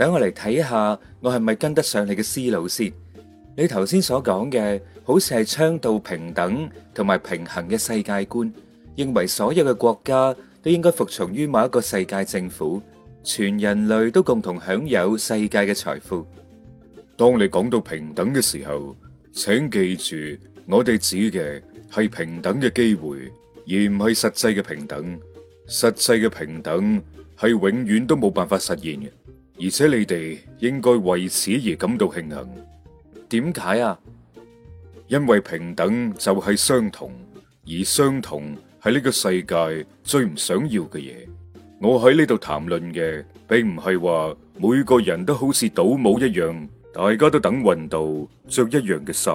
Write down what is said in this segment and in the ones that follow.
等我嚟睇下，我係咪跟得上你嘅思路先？你頭先所講嘅，好似係倡導平等同埋平衡嘅世界觀，認為所有嘅國家都應該服從於某一個世界政府，全人類都共同享有世界嘅財富。當你講到平等嘅時候，請記住，我哋指嘅係平等嘅機會，而唔係實際嘅平等。實際嘅平等係永遠都冇辦法實現嘅。而且你哋應該為此而感到慶幸。點解啊？因為平等就係相同，而相同係呢個世界最唔想要嘅嘢。我喺呢度談論嘅，並唔係話每個人都好似倒模一樣，大家都等運到着一樣嘅衫，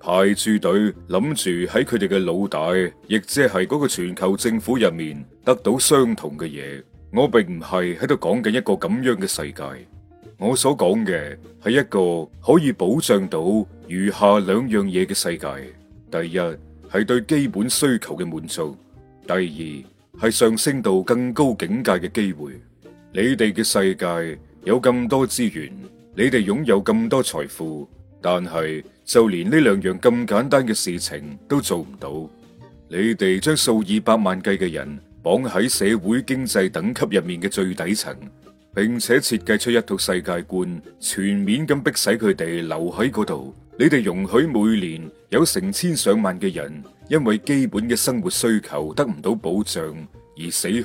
排住隊，諗住喺佢哋嘅腦袋，亦即係嗰個全球政府入面，得到相同嘅嘢。我並唔係喺度講緊一個咁樣嘅世界，我所講嘅係一個可以保障到餘下兩樣嘢嘅世界。第一係對基本需求嘅滿足，第二係上升到更高境界嘅機會。你哋嘅世界有咁多資源，你哋擁有咁多財富，但係就連呢兩樣咁簡單嘅事情都做唔到。你哋將數以百萬計嘅人。綁喺社會經濟等級入面嘅最底層，並且設計出一套世界觀，全面咁逼使佢哋留喺嗰度。你哋容許每年有成千上萬嘅人因為基本嘅生活需求得唔到保障而死去。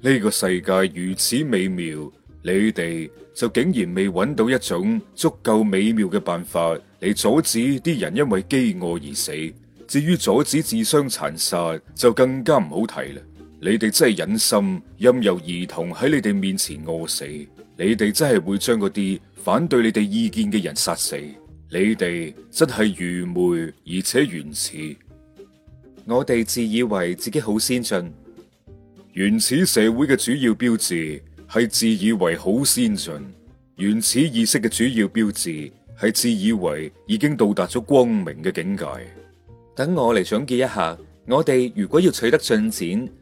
呢個世界如此美妙，你哋就竟然未揾到一種足夠美妙嘅辦法嚟阻止啲人因為飢餓而死。至於阻止自相殘殺，就更加唔好提啦。你哋真係忍心任由兒童喺你哋面前餓死，你哋真係會將嗰啲反對你哋意見嘅人殺死，你哋真係愚昧而且原始。我哋自以為自己好先進，原始社會嘅主要標誌係自以為好先進，原始意識嘅主要標誌係自以為已經到達咗光明嘅境界。等我嚟總結一下，我哋如果要取得進展。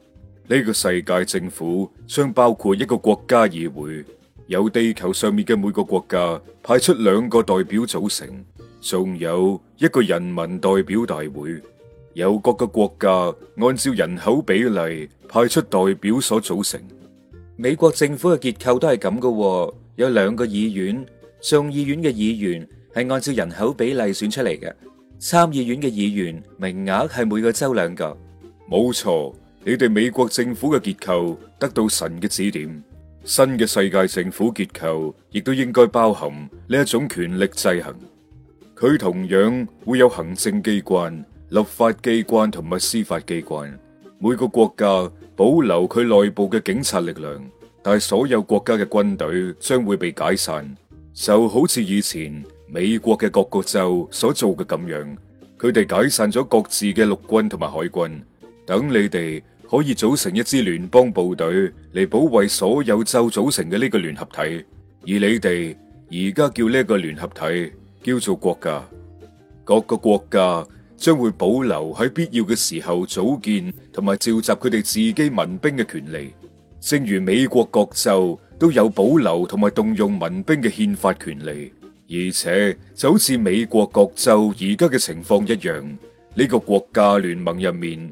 呢個世界政府將包括一個國家議會，由地球上面嘅每個國家派出兩個代表組成，仲有一個人民代表大會，由各個國家按照人口比例派出代表所組成。美國政府嘅結構都係咁㗎，有兩個議院，眾議院嘅議員係按照人口比例選出嚟嘅，參議院嘅議員名額係每個州兩個。冇錯。你哋美國政府嘅結構得到神嘅指點，新嘅世界政府結構亦都應該包含呢一種權力制衡。佢同樣會有行政機關、立法機關同埋司法機關。每個國家保留佢內部嘅警察力量，但係所有國家嘅軍隊將會被解散，就好似以前美國嘅各個州所做嘅咁樣。佢哋解散咗各自嘅陸軍同埋海軍，等你哋。可以組成一支聯邦部隊嚟保衛所有州組成嘅呢個聯合體，而你哋而家叫呢個聯合體叫做國家。各個國家將會保留喺必要嘅時候組建同埋召集佢哋自己民兵嘅權利，正如美國各州都有保留同埋動用民兵嘅憲法權利，而且就好似美國各州而家嘅情況一樣，呢個國家聯盟入面。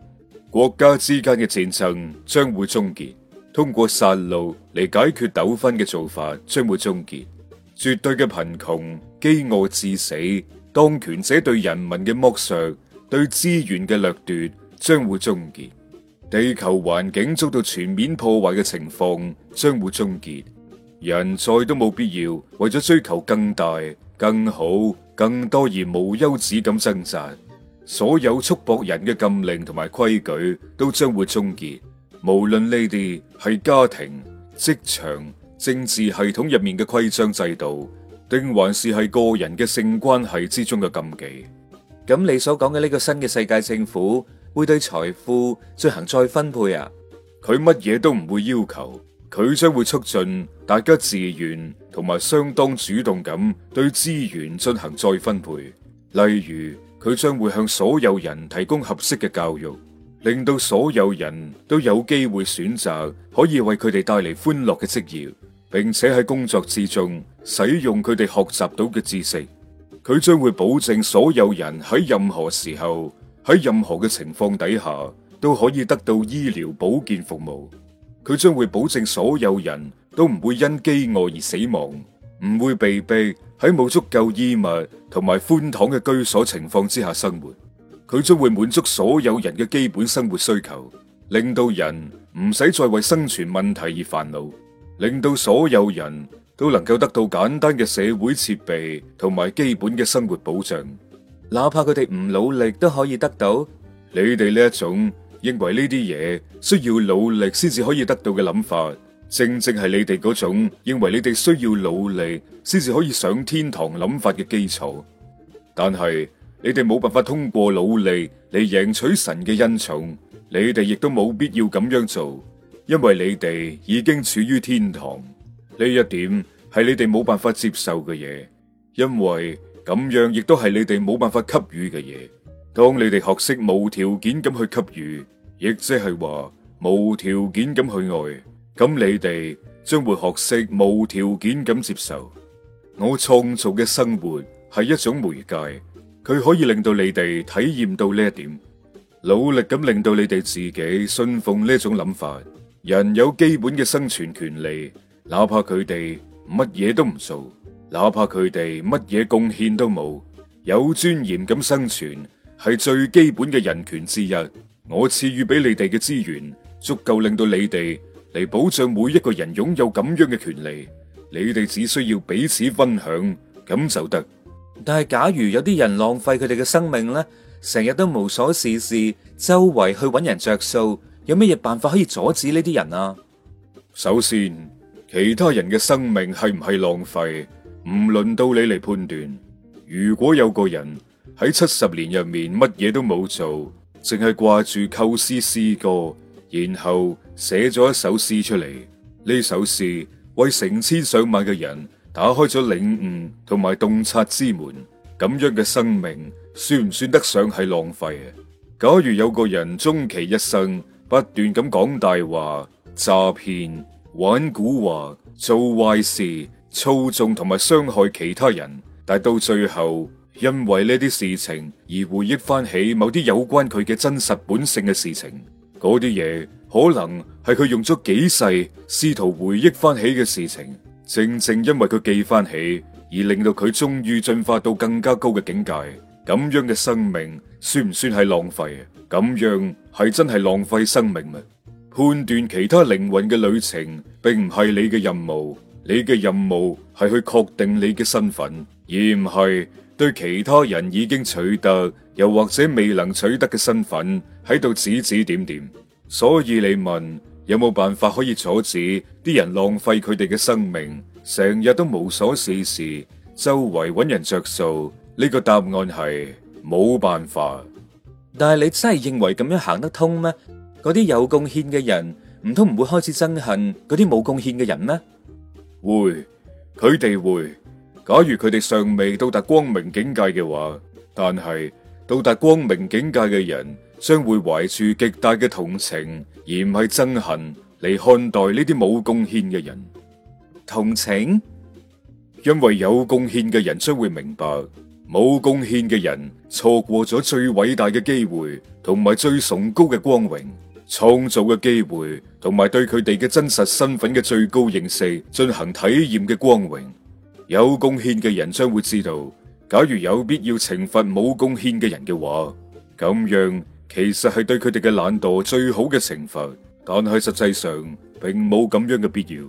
國家之間嘅戰爭將會終結，通過殺戮嚟解決糾紛嘅做法將會終結。絕對嘅貧窮、飢餓致死，當權者對人民嘅剝削、對資源嘅掠奪將會終結。地球環境遭到全面破壞嘅情況將會終結。人再都冇必要為咗追求更大、更好、更多而無休止咁掙扎。所有束縛人嘅禁令同埋規矩都將會終結，無論呢啲係家庭、職場、政治系統入面嘅規章制度，定還是係個人嘅性關係之中嘅禁忌。咁你所講嘅呢個新嘅世界政府會對財富進行再分配啊？佢乜嘢都唔會要求，佢將會促進大家自願同埋相當主動咁對資源進行再分配，例如。佢將會向所有人提供合適嘅教育，令到所有人都有機會選擇可以為佢哋帶嚟歡樂嘅職業，並且喺工作之中使用佢哋學習到嘅知識。佢將會保證所有人喺任何時候、喺任何嘅情況底下都可以得到醫療保健服務。佢將會保證所有人都唔會因饑餓而死亡，唔會被逼喺冇足夠衣物同埋寬敞嘅居所情況之下生活，佢將會滿足所有人嘅基本生活需求，令到人唔使再為生存問題而煩惱，令到所有人都能夠得到簡單嘅社會設備同埋基本嘅生活保障，哪怕佢哋唔努力都可以得到。你哋呢一種認為呢啲嘢需要努力先至可以得到嘅諗法。正正係你哋嗰種認為你哋需要努力先至可以上天堂諗法嘅基礎，但係你哋冇辦法通過努力嚟贏取神嘅恩寵，你哋亦都冇必要咁樣做，因為你哋已經處於天堂。呢一點係你哋冇辦法接受嘅嘢，因為咁樣亦都係你哋冇辦法給予嘅嘢。當你哋學識無條件咁去給予，亦即係話無條件咁去愛。咁，你哋將會學識無條件咁接受。我創造嘅生活係一種媒介，佢可以令到你哋體驗到呢一點。努力咁令到你哋自己信奉呢種諗法。人有基本嘅生存權利，哪怕佢哋乜嘢都唔做，哪怕佢哋乜嘢貢獻都冇，有尊嚴咁生存，係最基本嘅人權之一。我賜予俾你哋嘅資源足夠令到你哋，嚟保障每一個人擁有咁樣嘅權利，你哋只需要彼此分享咁就得。但係假如有啲人浪費佢哋嘅生命咧，成日都無所事事，周圍去揾人着數，有乜嘢辦法可以阻止呢啲人啊？首先，其他人嘅生命係唔係浪費，唔輪到你嚟判斷。如果有個人喺七十年入面乜嘢都冇做，淨係掛住構思詩歌，然後。寫咗一首詩出嚟，呢首詩為成千上萬嘅人打開咗領悟同埋洞察之門，咁樣嘅生命算唔算得上係浪費啊？假如有個人終其一生不斷咁講大話、詐騙、玩古話、做壞事、操縱同埋傷害其他人，但到最後因為呢啲事情而回憶翻起某啲有關佢嘅真實本性嘅事情。嗰啲嘢可能係佢用咗幾世試圖回憶翻起嘅事情，正正因為佢記翻起而令到佢終於進化到更加高嘅境界。咁樣嘅生命算唔算係浪費？咁樣係真係浪費生命嘛？判斷其他靈魂嘅旅程並唔係你嘅任務，你嘅任務係去確定你嘅身份，而唔係對其他人已經取得。又或者未能取得嘅身份喺度指指點點，所以你問有冇辦法可以阻止啲人浪費佢哋嘅生命，成日都無所事事，周圍揾人着數，呢個答案係冇辦法。但係你真係認為咁樣行得通咩？嗰啲有貢獻嘅人唔通唔會開始憎恨嗰啲冇貢獻嘅人咩？會，佢哋會。假如佢哋尚未到達光明境界嘅話，但係。到達光明境界嘅人，將會懷住極大嘅同情，而唔係憎恨嚟，看待呢啲冇貢獻嘅人。同情，因為有貢獻嘅人將會明白冇貢獻嘅人錯過咗最偉大嘅機會，同埋最崇高嘅光榮，創造嘅機會，同埋對佢哋嘅真實身份嘅最高認識進行體驗嘅光榮。有貢獻嘅人將會知道。假如有必要懲罰冇貢獻嘅人嘅話，咁樣其實係對佢哋嘅懶惰最好嘅懲罰。但係實際上並冇咁樣嘅必要。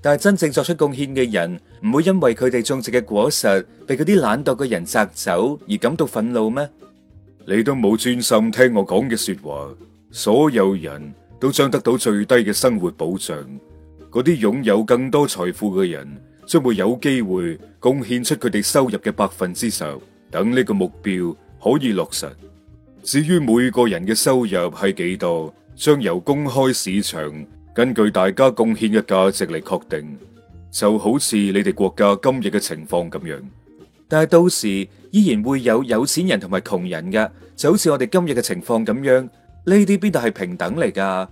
但係真正作出貢獻嘅人，唔會因為佢哋種植嘅果實被嗰啲懶惰嘅人摘走而感到憤怒咩？你都冇專心聽我講嘅說話，所有人都將得到最低嘅生活保障，嗰啲擁有更多財富嘅人。將會有機會貢獻出佢哋收入嘅百分之十，等呢個目標可以落實。至於每個人嘅收入係幾多，將由公開市場根據大家貢獻嘅價值嚟確定。就好似你哋國家今日嘅情況咁樣，但係到時依然會有有錢人同埋窮人噶，就好似我哋今日嘅情況咁樣。呢啲邊度係平等嚟噶？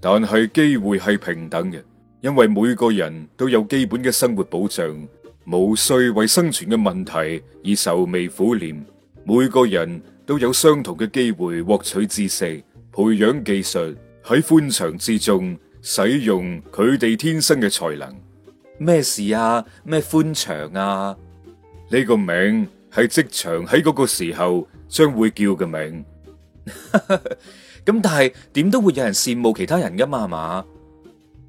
但係機會係平等嘅。因為每個人都有基本嘅生活保障，無須為生存嘅問題而愁眉苦臉。每個人都有相同嘅機會獲取知識、培養技術，喺寬長之中使用佢哋天生嘅才能。咩事啊？咩寬長啊？呢個名係職場喺嗰個時候將會叫嘅名。咁 但係點都會有人羨慕其他人㗎嘛？係嘛？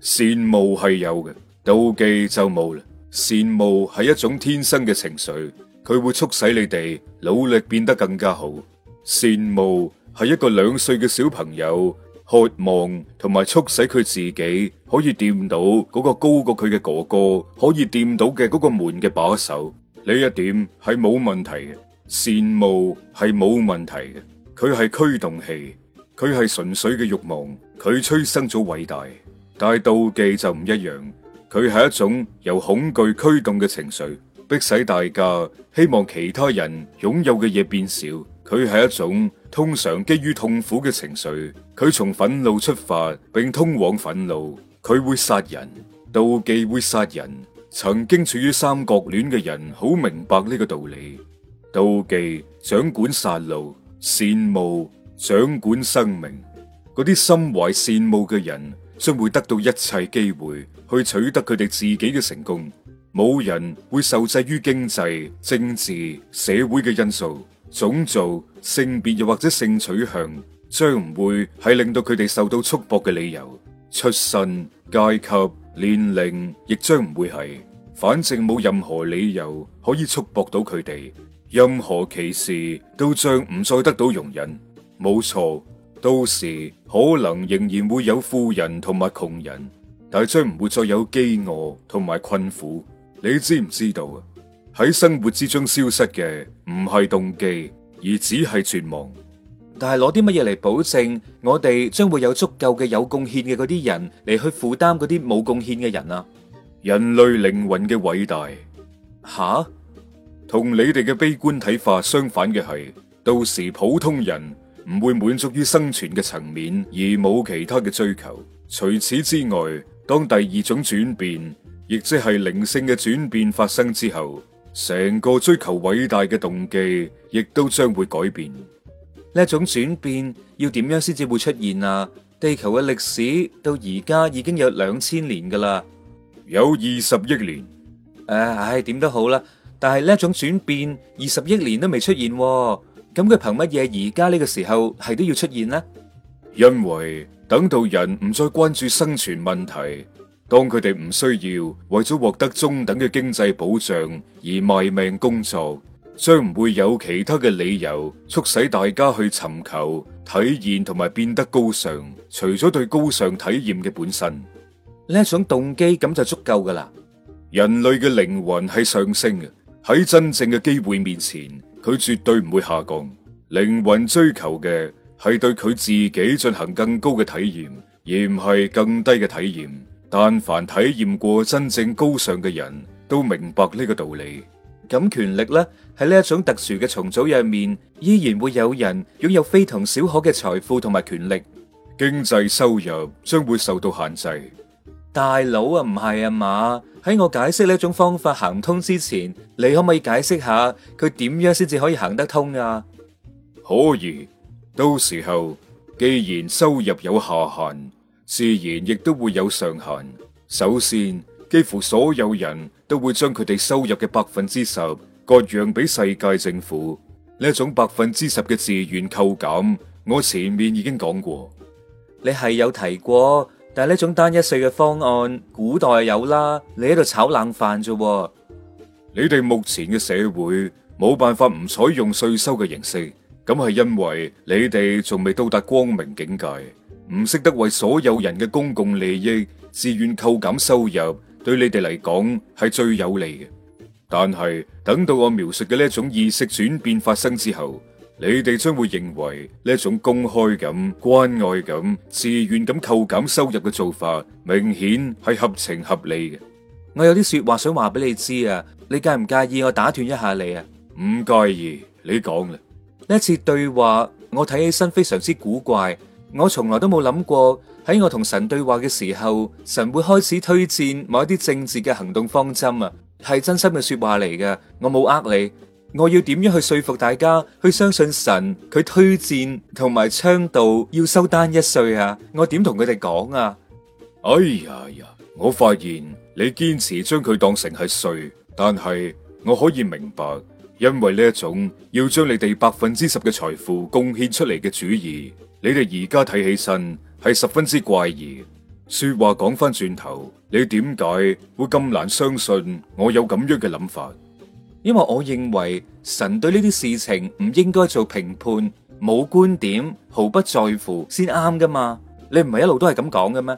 羨慕係有嘅，妒忌就冇啦。羨慕係一種天生嘅情緒，佢會促使你哋努力變得更加好。羨慕係一個兩歲嘅小朋友渴望同埋促使佢自己可以掂到嗰個高過佢嘅哥哥可以掂到嘅嗰個門嘅把手，呢一點係冇問題嘅，羨慕係冇問題嘅，佢係驅動器，佢係純粹嘅慾望，佢催生咗偉大。但係妒忌就唔一樣，佢係一種由恐懼驅動嘅情緒，迫使大家希望其他人擁有嘅嘢變少。佢係一種通常基於痛苦嘅情緒，佢從憤怒出發，並通往憤怒。佢會殺人，妒忌會殺人。曾經處於三角戀嘅人好明白呢個道理。妒忌掌管殺戮，羨慕掌管生命。嗰啲心懷羨慕嘅人，將會得到一切機會去取得佢哋自己嘅成功，冇人會受制於經濟、政治、社會嘅因素，種族、性別又或者性取向，將唔會係令到佢哋受到束縛嘅理由。出身、階級、年齡，亦將唔會係，反正冇任何理由可以束縛到佢哋，任何歧視都將唔再得到容忍。冇錯。到時可能仍然會有富人同埋窮人，但係將唔會再有飢餓同埋困苦。你知唔知道啊？喺生活之中消失嘅唔係動機，而只係絕望。但係攞啲乜嘢嚟保證我哋將會有足夠嘅有貢獻嘅嗰啲人嚟去負擔嗰啲冇貢獻嘅人啊？人類靈魂嘅偉大吓，同哈你哋嘅悲觀睇法相反嘅係，到時普通人唔會滿足於生存嘅層面而冇其他嘅追求。除此之外，當第二種轉變，亦即係靈性嘅轉變發生之後，成個追求偉大嘅動機，亦都將會改變。呢一種轉變要點樣先至會出現啊？地球嘅歷史到而家已經有兩千年噶啦，有二十億年。誒、啊，唉、哎，點都好啦。但係呢一種轉變二十億年都未出現。咁佢憑乜嘢而家呢個時候係都要出現呢？因為等到人唔再關注生存問題，當佢哋唔需要為咗獲得中等嘅經濟保障而賣命工作，將唔會有其他嘅理由促使大家去尋求體驗同埋變得高尚，除咗對高尚體驗嘅本身呢一種動機，咁就足夠噶啦。人類嘅靈魂係上升嘅，喺真正嘅機會面前。佢絕對唔會下降。靈魂追求嘅係對佢自己進行更高嘅體驗，而唔係更低嘅體驗。但凡體驗過真正高尚嘅人都明白呢個道理。咁權力咧，喺呢一種特殊嘅重組入面，依然會有人擁有非同小可嘅財富同埋權力。經濟收入將會受到限制。大佬啊，唔係啊嘛！喺我解釋呢種方法行唔通之前，你可唔可以解釋下佢點樣先至可以行得通啊？可以，到時候既然收入有下限，自然亦都會有上限。首先，幾乎所有人都會將佢哋收入嘅百分之十割讓俾世界政府。呢種百分之十嘅自願扣減，我前面已經講過。你係有提過。但係呢種單一稅嘅方案，古代有啦，你喺度炒冷飯啫。你哋目前嘅社會冇辦法唔採用稅收嘅形式，咁係因為你哋仲未到達光明境界，唔識得為所有人嘅公共利益自願扣減收入，對你哋嚟講係最有利嘅。但係等到我描述嘅呢種意識轉變發生之後。你哋將會認為呢一種公開咁，關愛咁，自願咁，扣減收入嘅做法，明顯係合情合理嘅。我有啲說話想話俾你知啊，你介唔介意我打斷一下你啊？唔介意，你講啦。呢次對話我睇起身非常之古怪，我從來都冇諗過喺我同神對話嘅時候，神會開始推薦某一啲政治嘅行動方針啊，係真心嘅說話嚟㗎，我冇呃你。我要點樣去說服大家去相信神佢推薦同埋倡導要收單一稅啊？我點同佢哋講啊？哎呀呀！我發現你堅持將佢當成係稅，但係我可以明白，因為呢一種要將你哋百分之十嘅財富貢獻出嚟嘅主意，你哋而家睇起身係十分之怪異。說話講翻轉頭，你點解會咁難相信我有咁樣嘅諗法？因為我認為神對呢啲事情唔應該做評判，冇觀點，毫不在乎先啱噶嘛？你唔係一路都係咁講嘅咩？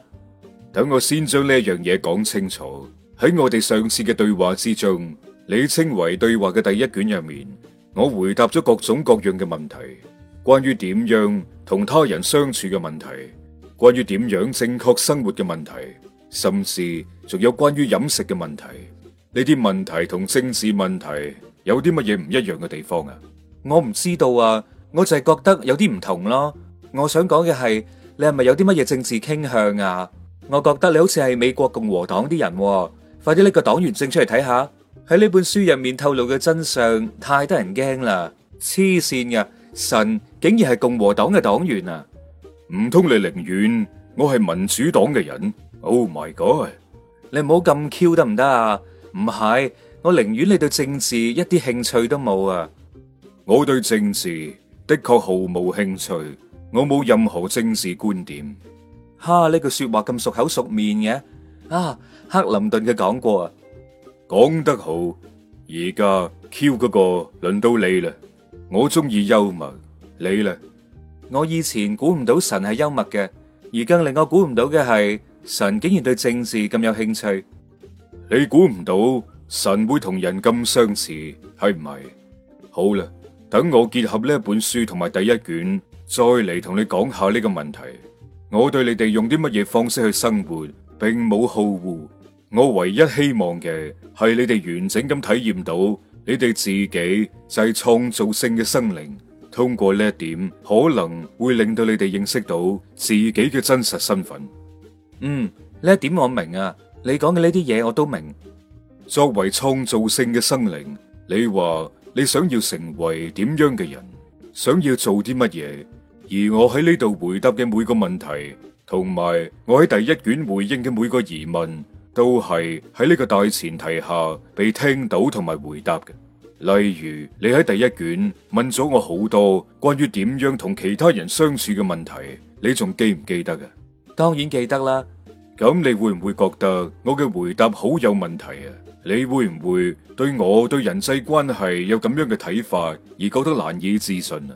等我先將呢樣嘢講清楚。喺我哋上次嘅對話之中，你稱為對話嘅第一卷入面，我回答咗各種各樣嘅問題，關於點樣同他人相處嘅問題，關於點樣正確生活嘅問題，甚至仲有關於飲食嘅問題。呢啲問題同政治問題有啲乜嘢唔一樣嘅地方啊？我唔知道啊，我就係覺得有啲唔同囉。我想講嘅係你係咪有啲乜嘢政治傾向啊？我覺得你好似係美國共和黨啲人啊，快啲拎個黨員證出嚟睇下。喺呢本書入面透露嘅真相太得人驚啦，黐線噶！神啊，神竟然係共和黨嘅黨員啊？唔通你寧願我係民主黨嘅人？Oh my god！你唔好咁 Q 得唔得啊？行唔係，我寧願你對政治一啲興趣都冇啊！我對政治的確毫無興趣，我冇任何政治觀點。哈，呢句說話咁熟口熟面嘅啊，啊，克林頓嘅講過啊，講得好。而家 Q 嗰個輪到你啦，我中意幽默，你咧？我以前估唔到神係幽默嘅，而更令我估唔到嘅係神竟然對政治咁有興趣。你估唔到神會同人咁相似，係唔係？好啦，等我結合呢本書同埋第一卷，再嚟同你講下呢個問題。我對你哋用啲乜嘢方式去生活，並冇好顧。我唯一希望嘅係你哋完整咁體驗到，你哋自己就係創造性嘅生靈。通過呢一點，可能會令到你哋認識到自己嘅真實身份。嗯，呢一點我明啊。你講嘅呢啲嘢我都明。作為創造性嘅生靈，你話你想要成為點樣嘅人，想要做啲乜嘢？而我喺呢度回答嘅每個問題，同埋我喺第一卷回應嘅每個疑問，都係喺呢個大前提下被聽到同埋回答嘅。例如，你喺第一卷問咗我好多關於點樣同其他人相處嘅問題，你仲記唔記得㗎？當然記得啦。咁你會唔會覺得我嘅回答好有問題啊？你會唔會對我對人際關係有咁樣嘅睇法而覺得難以置信啊？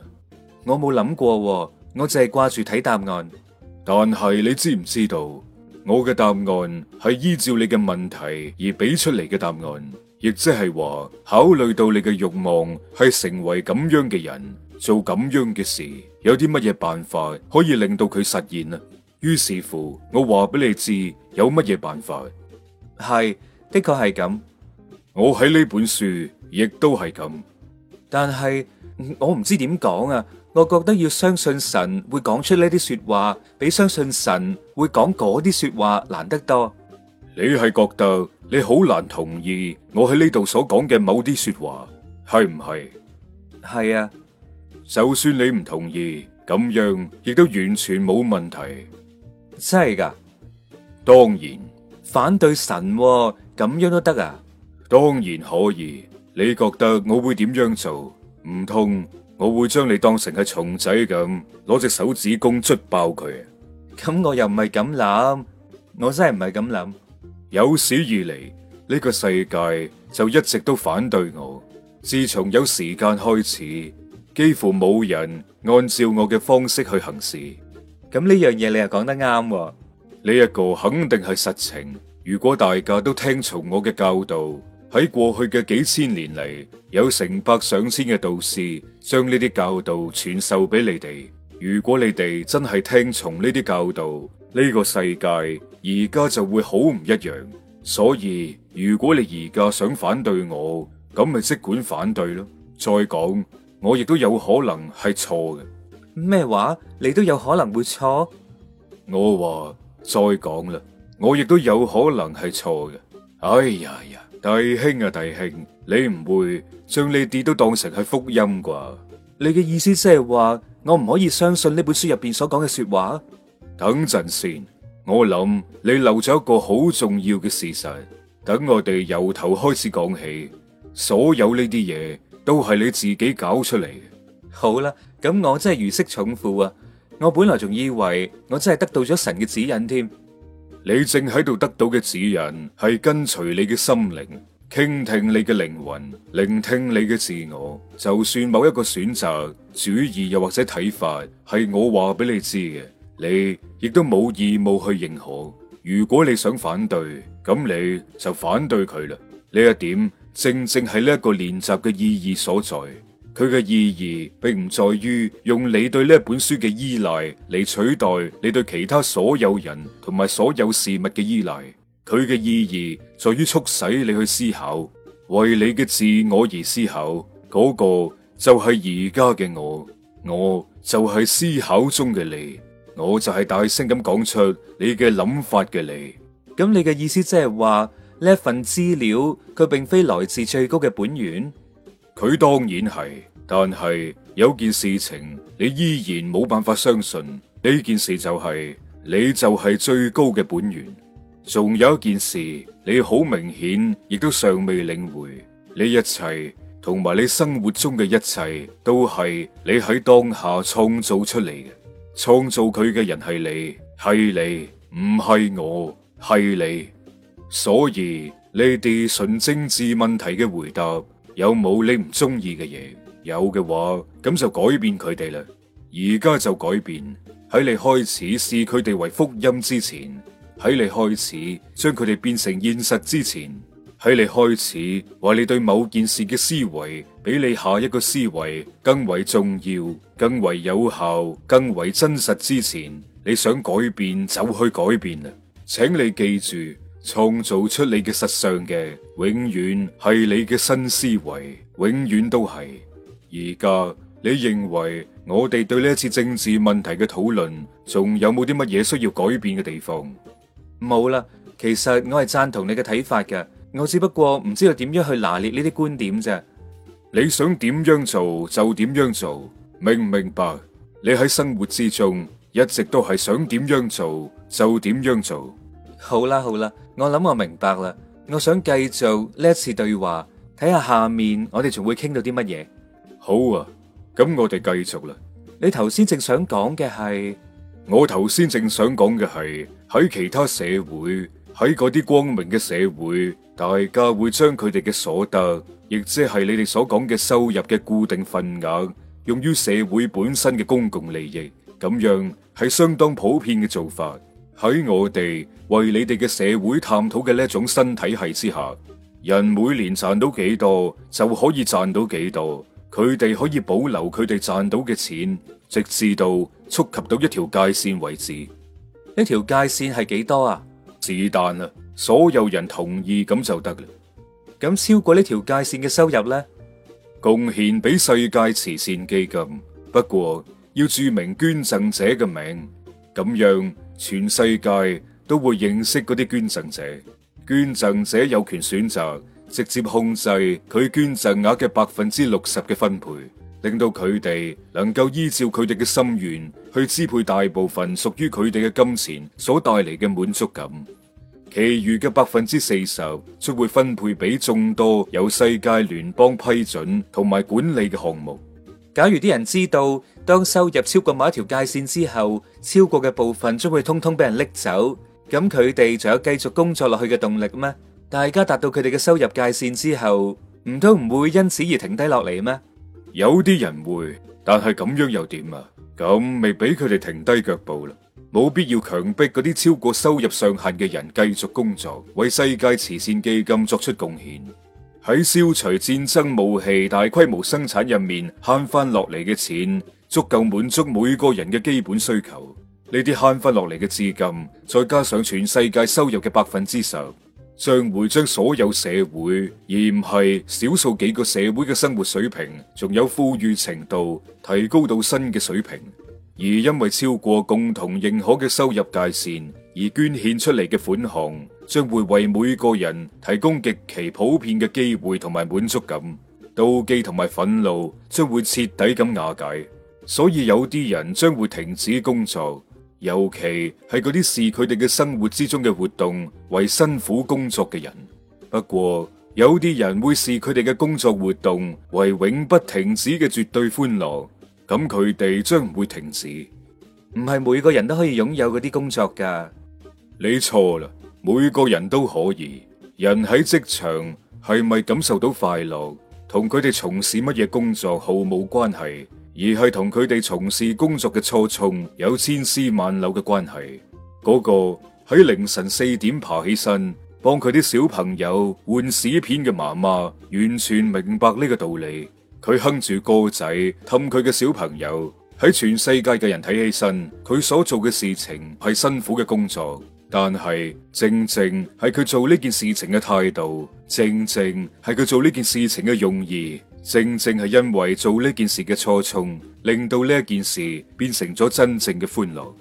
我冇諗過，哦，我淨係掛住睇答案。但係你知唔知道我嘅答案係依照你嘅問題而俾出嚟嘅答案，亦即係話考慮到你嘅欲望係成為咁樣嘅人，做咁樣嘅事，有啲乜嘢辦法可以令到佢實現啊？於是乎我，我話俾你知有乜嘢辦法？係的確係咁。我喺呢本書亦都係咁。但係我唔知點講啊！我覺得要相信神會講出呢啲說話，比相信神會講嗰啲說話難得多。你係覺得你好難同意我喺呢度所講嘅某啲說話，係唔係？係啊。就算你唔同意，咁樣亦都完全冇問題。真係噶，當然反對神咁、哦、樣都得啊！當然可以，你覺得我會點樣做？唔通我會將你當成係蟲仔咁，攞隻手指公捽爆佢？咁、嗯、我又唔係咁諗，我真係唔係咁諗。有史以嚟呢、這個世界就一直都反對我，自從有時間開始，幾乎冇人按照我嘅方式去行事。咁呢樣嘢你又講得啱喎，呢一個肯定係實情。如果大家都聽從我嘅教導，喺過去嘅幾千年嚟，有成百上千嘅導師將呢啲教導傳授俾你哋。如果你哋真係聽從呢啲教導，呢個世界而家就會好唔一樣。所以如果你而家想反對我，咁咪即管反對咯。再講，我亦都有可能係錯嘅。咩話？你都有可能會錯。我話再講啦，我亦都有可能係錯嘅。哎呀呀，弟兄啊，弟兄，你唔會將呢啲都當成係福音啩？你嘅意思即係話我唔可以相信呢本書入邊所講嘅說話？等陣先，我諗你留咗一個好重要嘅事實。等我哋由頭開始講起，所有呢啲嘢都係你自己搞出嚟。好啦。咁我真係如釋重負啊！我本來仲以為我真係得到咗神嘅指引添。你正喺度得到嘅指引係跟隨你嘅心靈，傾聽你嘅靈魂，聆聽你嘅自我。就算某一個選擇、主意又或者睇法係我話俾你知嘅，你亦都冇義務去認可。如果你想反對，咁你就反對佢啦。呢一點正正係呢一個練習嘅意義所在。佢嘅意義並唔在於用你對呢本書嘅依賴嚟取代你對其他所有人同埋所有事物嘅依賴。佢嘅意義在於促使你去思考，為你嘅自我而思考。嗰個就係而家嘅我，我就係思考中嘅你，我就係大聲咁講出你嘅諗法嘅你。咁你嘅意思即係話，呢份資料佢並非來自最高嘅本源。佢當然係，但係有件事情你依然冇辦法相信，呢件事就係，你就係最高嘅本源。仲有一件事，你好明顯亦都尚未領會，你一切同埋你生活中嘅一切都係你喺當下創造出嚟嘅，創造佢嘅人係你係你，唔係我係你。所以你哋純政治問題嘅回答。有冇你唔中意嘅嘢？有嘅話，咁就改變佢哋啦。而家就改變，喺你開始視佢哋為福音之前，喺你開始將佢哋變成現實之前，喺你開始話你對某件事嘅思維比你下一個思維更為重要、更為有效、更為真實之前，你想改變就去改變啦。請你記住。創造出你嘅實相嘅，永遠係你嘅新思維，永遠都係。而家你認為我哋對呢次政治問題嘅討論，仲有冇啲乜嘢需要改變嘅地方？冇啦，其實我係贊同你嘅睇法嘅，我只不過唔知道點樣去拿捏呢啲觀點啫。你想點樣做就點樣做，明唔明白？你喺生活之中一直都係想點樣做就點樣做。好啦，好啦，我諗我明白啦。我想繼續呢次對話，睇下下面我哋仲會傾到啲乜嘢。好啊，咁我哋繼續啦。你頭先正想講嘅係，我頭先正想講嘅係喺其他社會，喺嗰啲光明嘅社會，大家會將佢哋嘅所得，亦即係你哋所講嘅收入嘅固定份額，用於社會本身嘅公共利益，咁樣係相當普遍嘅做法。喺我哋為你哋嘅社會探討嘅呢一種新體系之下，人每年賺到幾多就可以賺到幾多，佢哋可以保留佢哋賺到嘅錢，直至到觸及到一條界線為止。呢條界線係幾多啊？是但啦，所有人同意咁就得啦。咁超過呢條界線嘅收入咧，貢獻俾世界慈善基金，不過要注明捐贈者嘅名，咁樣。全世界都會認識嗰啲捐贈者，捐贈者有權選擇直接控制佢捐贈額嘅百分之六十嘅分配，令到佢哋能夠依照佢哋嘅心願去支配大部分屬於佢哋嘅金錢所帶嚟嘅滿足感，其餘嘅百分之四十將會分配俾眾多有世界聯邦批准同埋管理嘅項目。假如啲人知道，當收入超過某一條界線之後，超過嘅部分將會通通俾人拎走，咁佢哋仲有繼續工作落去嘅動力咩？大家達到佢哋嘅收入界線之後，唔通唔會因此而停低落嚟咩？有啲人會，但係咁樣又點啊？咁未俾佢哋停低腳步啦，冇必要強迫嗰啲超過收入上限嘅人繼續工作，為世界慈善基金作出貢獻。喺消除戰爭武器、大規模生產入面慳翻落嚟嘅錢，足夠滿足每個人嘅基本需求。呢啲慳翻落嚟嘅資金，再加上全世界收入嘅百分之十，將會將所有社會，而唔係少數幾個社會嘅生活水平，仲有富裕程度提高到新嘅水平。而因為超過共同認可嘅收入界線，而捐獻出嚟嘅款項。將會為每個人提供極其普遍嘅機會同埋滿足感，妒忌同埋憤怒將會徹底咁瓦解。所以有啲人將會停止工作，尤其係嗰啲視佢哋嘅生活之中嘅活動為辛苦工作嘅人。不過有啲人會視佢哋嘅工作活動為永不停止嘅絕對歡樂，咁佢哋將唔會停止。唔係每個人都可以擁有嗰啲工作㗎，你錯啦。每個人都可以，人喺職場係咪感受到快樂，同佢哋從事乜嘢工作毫無關係，而係同佢哋從事工作嘅初衷有千絲萬縷嘅關係。嗰個喺凌晨四點爬起身幫佢啲小朋友換屎片嘅媽媽，完全明白呢個道理。佢哼住歌仔氹佢嘅小朋友，喺全世界嘅人睇起身，佢所做嘅事情係辛苦嘅工作。但係正正係佢做呢件事情嘅態度，正正係佢做呢件事情嘅用意，正正係因為做呢件事嘅初衷，令到呢一件事變成咗真正嘅歡樂。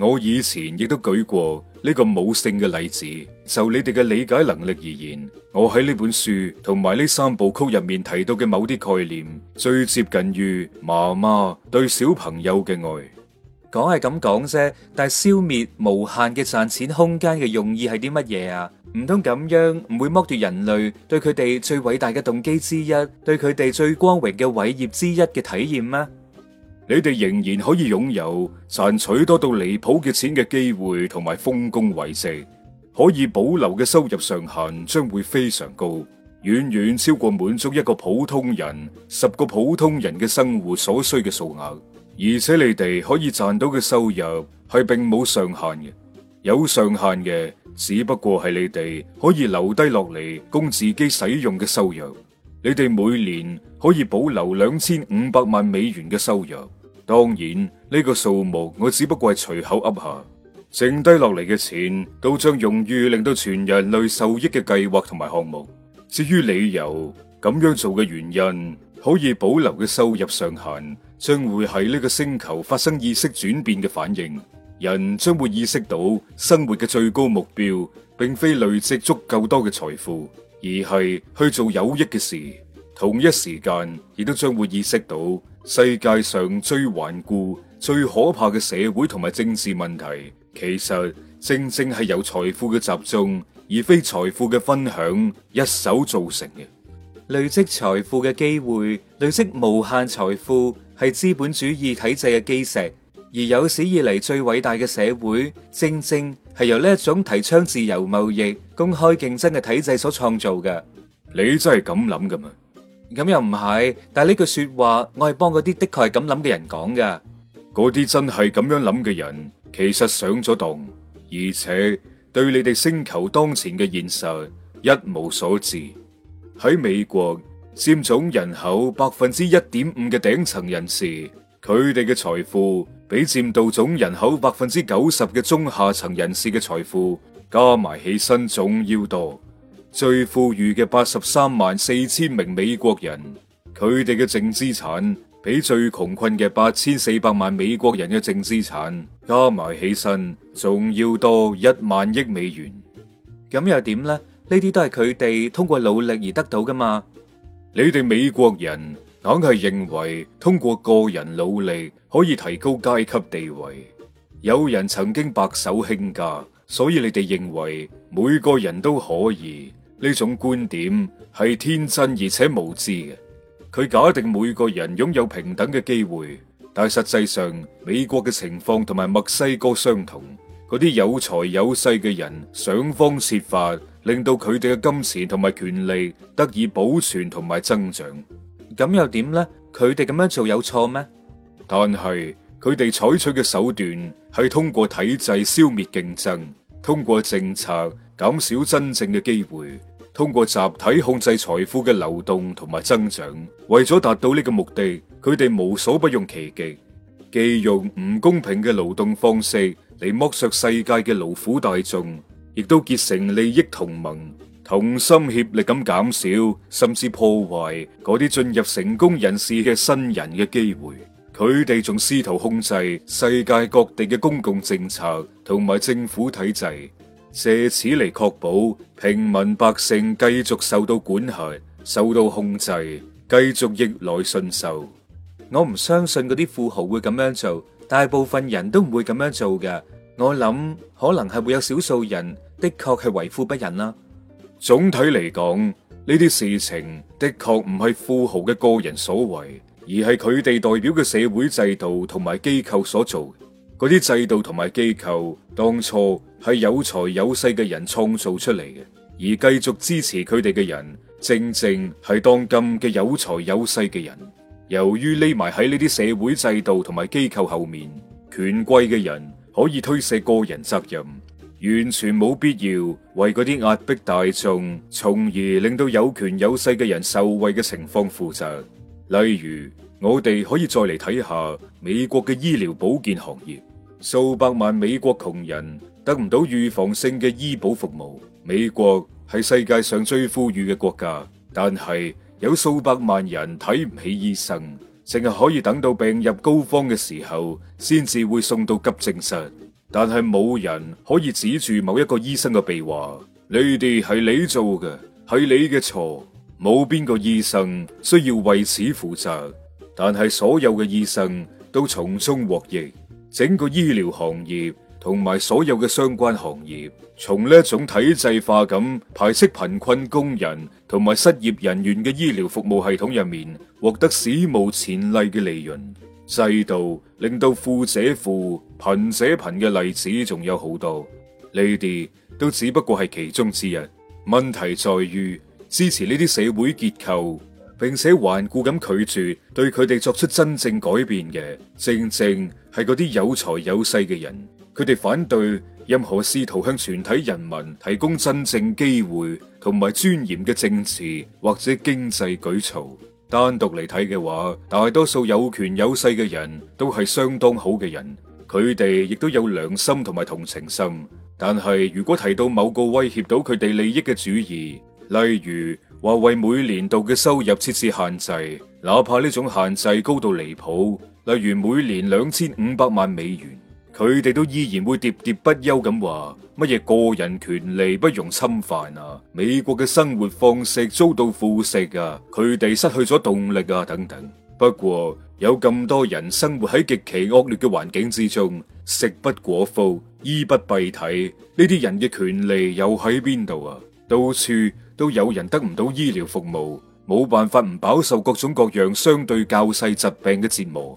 我以前亦都舉過呢個母性嘅例子。就你哋嘅理解能力而言，我喺呢本書同埋呢三部曲入面提到嘅某啲概念，最接近於媽媽對小朋友嘅愛。講係咁講啫，但係消滅無限嘅賺錢空間嘅用意係啲乜嘢啊？唔通咁樣唔會剝奪人類對佢哋最偉大嘅動機之一，對佢哋最光榮嘅偉業之一嘅體驗嗎？你哋仍然可以擁有賺取多到離譜嘅錢嘅機會，同埋豐功偉績，可以保留嘅收入上限將會非常高，遠遠超過滿足一個普通人、十個普通人嘅生活所需嘅數額。而且你哋可以賺到嘅收入係並冇上限嘅，有上限嘅只不過係你哋可以留低落嚟，供自己使用嘅收入。你哋每年可以保留兩千五百萬美元嘅收入，當然呢個數目我只不過係隨口噏下。剩低落嚟嘅錢都將用於令到全人類受益嘅計劃同埋項目。至於理由，咁樣做嘅原因，可以保留嘅收入上限將會喺呢個星球發生意識轉變嘅反應，人將會意識到生活嘅最高目標，並非累積足夠多嘅財富，而係去做有益嘅事。同一時間，亦都將會意識到世界上最頑固、最可怕嘅社會同埋政治問題，其實正正係由財富嘅集中，而非財富嘅分享一手造成嘅。累積財富嘅機會，累積無限財富。係資本主義體制嘅基石，而有史以嚟，最偉大嘅社會，正正係由呢一種提倡自由貿易、公開競爭嘅體制所創造嘅。你真係咁諗㗎嘛？咁又唔係，但係呢句說話，我係幫嗰啲的確係咁諗嘅人講嘅。嗰啲真係咁樣諗嘅人，其實上咗當，而且對你哋星球當前嘅現實一無所知。喺美國。佔總人口百分之一點五嘅頂層人士，佢哋嘅財富比佔到總人口百分之九十嘅中下層人士嘅財富加埋起身仲要多。最富裕嘅八十三萬四千名美國人，佢哋嘅淨資產比最窮困嘅八千四百萬美國人嘅淨資產加埋起身仲要多一萬億美元。咁又點咧？呢啲都係佢哋通過努力而得到㗎嘛？你哋美國人硬係認為通過個人努力可以提高階級地位，有人曾經白手興家，所以你哋認為每個人都可以。呢種觀點係天真而且無知嘅。佢假定每個人擁有平等嘅機會，但實際上美國嘅情況同埋墨西哥相同。嗰啲有財有勢嘅人想方設法令到佢哋嘅金錢同埋權利得以保存同埋增長，咁又點呢？佢哋咁樣做有錯咩？但係佢哋採取嘅手段係通過體制消滅競爭，通過政策減少真正嘅機會，通過集體控制財富嘅流動同埋增長，為咗達到呢個目的，佢哋無所不用其極，既用唔公平嘅勞動方式嚟剝削世界嘅勞苦大眾，亦都結成利益同盟，同心協力咁減少，甚至破壞嗰啲進入成功人士嘅新人嘅機會。佢哋仲試圖控制世界各地嘅公共政策同埋政府體制，借此嚟確保平民百姓繼續受到管轄、受到控制、繼續逆來順受。我唔相信嗰啲富豪會咁樣做。大部分人都唔會咁樣做嘅，我諗可能係會有少數人的確係為富不仁啦。總體嚟講，呢啲事情的確唔係富豪嘅個人所為，而係佢哋代表嘅社會制度同埋機構所做。嗰啲制度同埋機構當初係有財有勢嘅人創造出嚟嘅，而繼續支持佢哋嘅人，正正係當今嘅有財有勢嘅人。由於匿埋喺呢啲社會制度同埋機構後面，權貴嘅人可以推卸個人責任，完全冇必要為嗰啲壓迫大衆，從而令到有權有勢嘅人受惠嘅情況負責。例如，我哋可以再嚟睇下美國嘅醫療保健行業，數百萬美國窮人得唔到預防性嘅醫保服務。美國係世界上最富裕嘅國家，但係。有數百萬人睇唔起醫生，淨係可以等到病入膏肓嘅時候，先至會送到急症室。但係冇人可以指住某一個醫生嘅鼻話，你哋係你做嘅，係你嘅錯。冇邊個醫生需要為此負責，但係所有嘅醫生都從中獲益，整個醫療行業。同埋所有嘅相關行業，從呢一種體制化咁排斥貧困工人同埋失業人員嘅醫療服務系統入面，獲得史無前例嘅利潤制度，令到富者富、貧者貧嘅例子仲有好多，呢啲都只不過係其中之一。問題在於支持呢啲社會結構，並且頑固咁拒絕對佢哋作出真正改變嘅，正正係嗰啲有財有勢嘅人。佢哋反對任何試圖向全體人民提供真正機會同埋尊嚴嘅政治或者經濟舉措。單獨嚟睇嘅話，大多數有權有勢嘅人都係相當好嘅人，佢哋亦都有良心同埋同情心。但係如果提到某個威脅到佢哋利益嘅主意，例如話為每年度嘅收入設置限制，哪怕呢種限制高到離譜，例如每年兩千五百萬美元。佢哋都依然會喋喋不休咁話乜嘢個人權利不容侵犯啊，美國嘅生活方式遭到腐蝕啊，佢哋失去咗動力啊等等。不過有咁多人生活喺極其惡劣嘅環境之中，食不果腹、衣不蔽體，呢啲人嘅權利又喺邊度啊？到處都有人得唔到醫療服務，冇辦法唔飽受各種各樣相對較細疾病嘅折磨。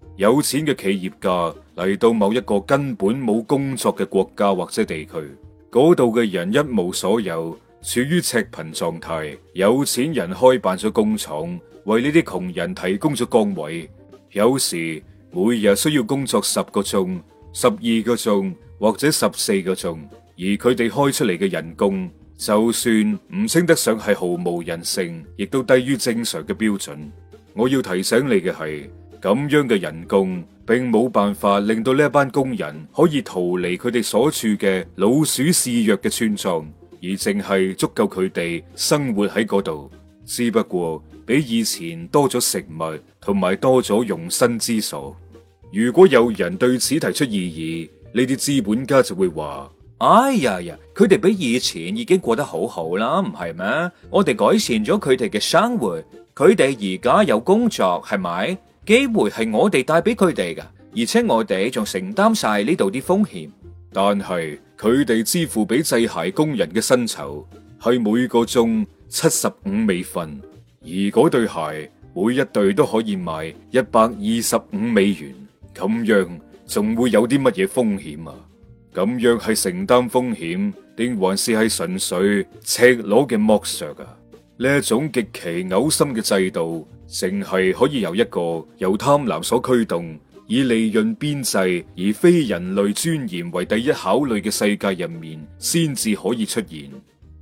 有錢嘅企業家嚟到某一個根本冇工作嘅國家或者地區，嗰度嘅人一無所有，處於赤貧狀態。有錢人開辦咗工廠，為呢啲窮人提供咗崗位，有時每日需要工作十個鐘、十二個鐘或者十四個鐘，而佢哋開出嚟嘅人工，就算唔稱得上係毫無人性，亦都低於正常嘅標準。我要提醒你嘅係：咁樣嘅人工並冇辦法令到呢一班工人可以逃離佢哋所處嘅老鼠肆虐嘅村莊，而淨係足夠佢哋生活喺嗰度。只不過比以前多咗食物同埋多咗容身之所。如果有人對此提出異議，呢啲資本家就會話：哎呀呀，佢哋比以前已經過得好好啦，唔係咩？我哋改善咗佢哋嘅生活，佢哋而家有工作，係咪？機會係我哋帶俾佢哋嘅，而且我哋仲承擔晒呢度啲風險。但係佢哋支付俾製鞋工人嘅薪酬係每個鐘七十五美分，而嗰對鞋每一對都可以賣一百二十五美元。咁樣仲會有啲乜嘢風險啊？咁樣係承擔風險定還是係純粹赤裸嘅剝削啊？呢一種極其嘔心嘅制度，淨係可以由一個由貪婪所驅動、以利潤邊際而非人類尊嚴為第一考慮嘅世界入面，先至可以出現。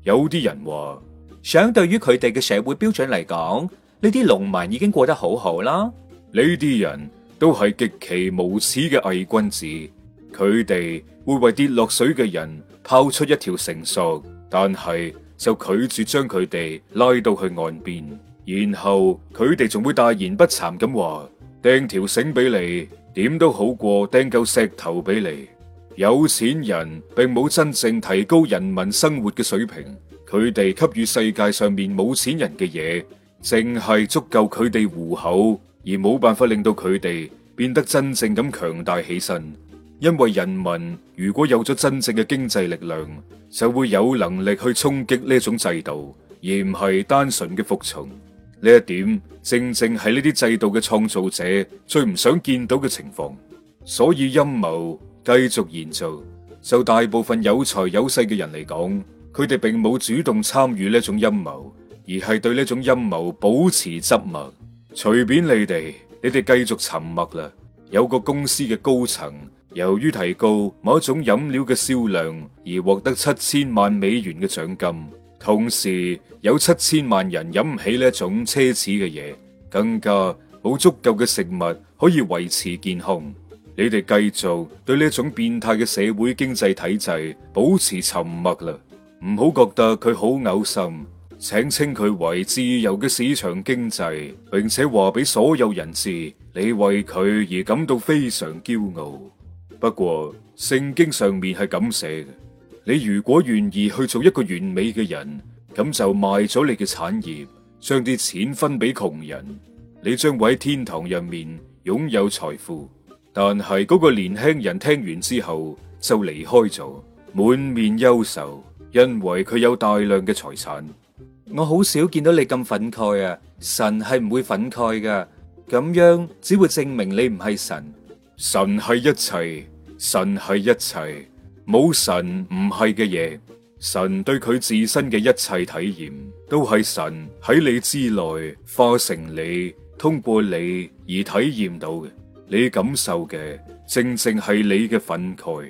有啲人話，相對於佢哋嘅社會標準嚟講，呢啲農民已經過得好好啦。呢啲人都係極其無恥嘅偽君子，佢哋會為跌落水嘅人拋出一條繩索，但係，就拒絕將佢哋拉到去岸邊，然後佢哋仲會大言不慚咁話：掟條繩俾你，點都好過掟嚿石頭俾你。有錢人並冇真正提高人民生活嘅水平，佢哋給予世界上面冇錢人嘅嘢，淨係足夠佢哋糊口，而冇辦法令到佢哋變得真正咁強大起身。因為人民如果有咗真正嘅經濟力量，就會有能力去衝擊呢種制度，而唔係單純嘅服從。呢一點正正係呢啲制度嘅創造者最唔想見到嘅情況，所以陰謀繼續延續。就大部分有財有勢嘅人嚟講，佢哋並冇主動參與呢種陰謀，而係對呢種陰謀保持緘默。隨便你哋，你哋繼續沉默啦。有個公司嘅高層。由於提高某種飲料嘅銷量而獲得七千萬美元嘅獎金，同時有七千萬人飲唔起呢種奢侈嘅嘢，更加冇足夠嘅食物可以維持健康。你哋繼續對呢種變態嘅社會經濟體制保持沉默啦，唔好覺得佢好嘔心，請稱佢為自由嘅市場經濟，並且話俾所有人知，你為佢而感到非常驕傲。不過聖經上面係咁寫嘅，你如果願意去做一個完美嘅人，咁就賣咗你嘅產業，將啲錢分俾窮人，你將會喺天堂入面擁有財富。但係嗰個年輕人聽完之後就離開咗，滿面憂愁，因為佢有大量嘅財產。我好少見到你咁憤慨啊！神係唔會憤慨㗎，咁樣只會證明你唔係神，神係一切。神係一切，冇神唔係嘅嘢。神對佢自身嘅一切體驗，都係神喺你之內化成你，通過你而體驗到嘅。你感受嘅，正正係你嘅憤慨。